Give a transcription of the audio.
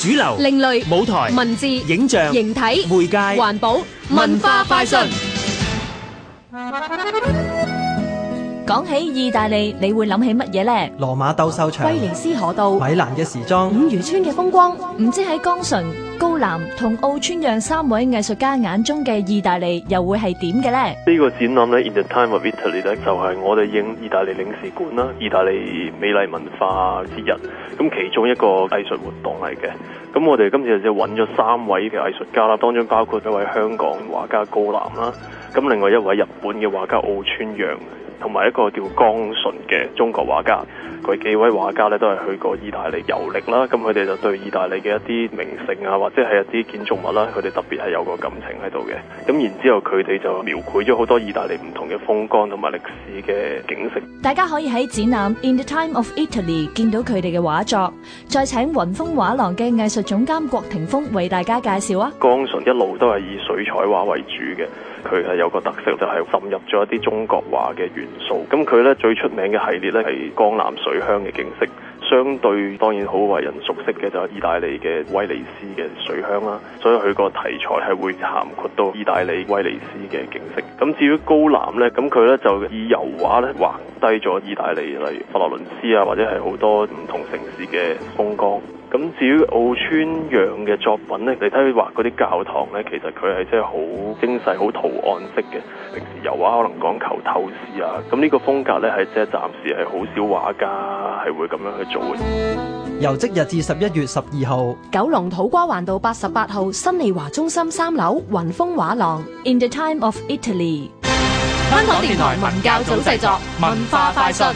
主流、另類、舞台、文字、影像、形體、媒介、環保、文化、快訊。講起意大利，你會諗起乜嘢呢？羅馬鬥獸場、威尼斯河道、米蘭嘅時裝、五漁村嘅風光，唔知喺江純、高南同奧川讓三位藝術家眼中嘅意大利又會係點嘅呢？呢、呢個展覽咧，In the Time of Italy 咧，就係我哋應意大利領事館啦，意大利美麗文化之一，咁其中一個藝術活動嚟嘅。咁我哋今次就揾咗三位嘅藝術家啦，當中包括一位香港畫家高南啦，咁另外一位日本嘅畫家奧川讓。同埋一個叫江純嘅中國畫家，佢幾位畫家咧都係去過意大利遊歷啦，咁佢哋就對意大利嘅一啲名勝啊，或者係一啲建築物啦，佢哋特別係有個感情喺度嘅。咁然之後佢哋就描繪咗好多意大利唔同嘅風光同埋歷史嘅景色。大家可以喺展覽《In the Time of Italy》見到佢哋嘅畫作，再請雲峰畫廊嘅藝術總監郭庭峰為大家介紹啊。江純一路都係以水彩畫為主嘅。佢係有個特色，就係滲入咗一啲中國畫嘅元素。咁佢咧最出名嘅系列咧，係江南水鄉嘅景色。相對當然好為人熟悉嘅就係、是、意大利嘅威尼斯嘅水鄉啦，所以佢個題材係會涵括到意大利威尼斯嘅景色。咁至於高藍呢，咁佢呢就以油畫呢畫低咗意大利，例如佛羅倫斯啊，或者係好多唔同城市嘅風光。咁至於奧川洋嘅作品呢，你睇佢畫嗰啲教堂呢，其實佢係真係好精細、好圖案式嘅平時油畫，可能講求透視啊。咁呢個風格呢，係即係暫時係好少畫家。係會咁樣去做嘅。由即日至十一月十二號，九龍土瓜灣道八十八號新利華中心三樓雲峰畫廊。In the time of Italy，香港電台文教組製作文化快訊。